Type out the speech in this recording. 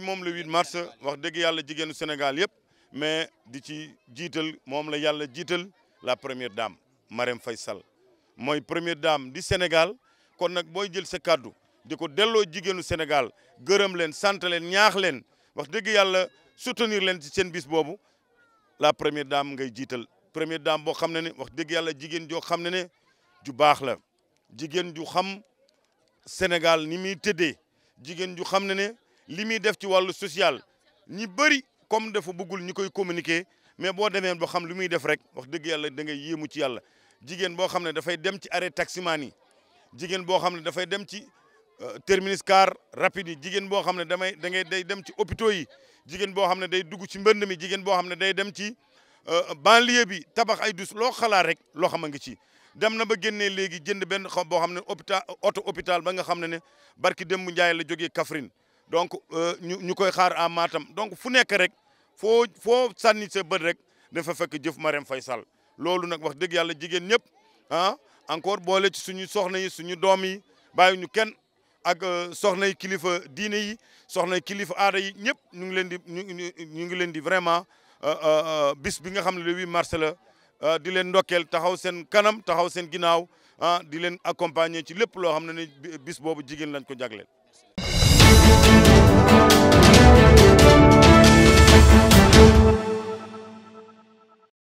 moom le 8 mars wax dëgg yàlla jigéenu Sénégal yëpp mais di ci jiital moom la yàlla jiital la première dame Marème Faye Sall mooy première dame di Sénégal kon nag booy jël sa kàddu di ko delloo jigéenu Sénégal gërëm leen sant leen ñaax leen wax dëgg yàlla soutenir leen ci seen bis boobu la premier dame ngay jiital premier dame boo xam ne ne wax dëgg yàlla jigéen joo xam ne ne ju baax la jigéen ju xam Sénégal ni muy tëddee jigéen ju xam ne ne li muy def ci wàllu social ñi bëri comme dafa bëggul ñi koy communiquer mais boo demee ba xam lu muy def rek wax dëgg yàlla da ngay yéemu ci yàlla jigéen boo xam ne dafay dem ci arrêt taximaan yi jigéen boo xam ne dafay dem ci euh, terminus car rapide jigéen boo xam ne damay da ngay day dem ci hôpitaux yi jigéen boo xam ne day dugg ci mbënd mi jigéen boo xam ne day dem ci euh, banlieue bi tabax ay dus loo xalaat rek loo xam a ngi ci dem na ba génnee léegi jënd benn xaw boo xam ne hôpital oto hôpital ba nga xam ne ne barki Dembu Njaay la jógee Kaffrine donc euh, ñu ñu koy xaar à maatam donc fu nekk rek foo foo sànni sa bët rek fa fekk jëf Marème fay sal loolu nag wax dëgg yàlla jigéen ñëpp ah encore boole ci suñu soxna yi suñu doom yi bàyyi ñu kenn ak euh, soxnay kilifa diine yi soxnay kilifa aada yi ñëpp ñu ngi leen di ñu ngi leen di vraiment euh, bis bi nga xam ne le 8 mars la. Euh, di leen ndokkeel taxaw seen kanam taxaw seen ginnaaw ah di leen accompagner ci lépp loo xam ne ni bis boobu jigéen lañ ko jagleel.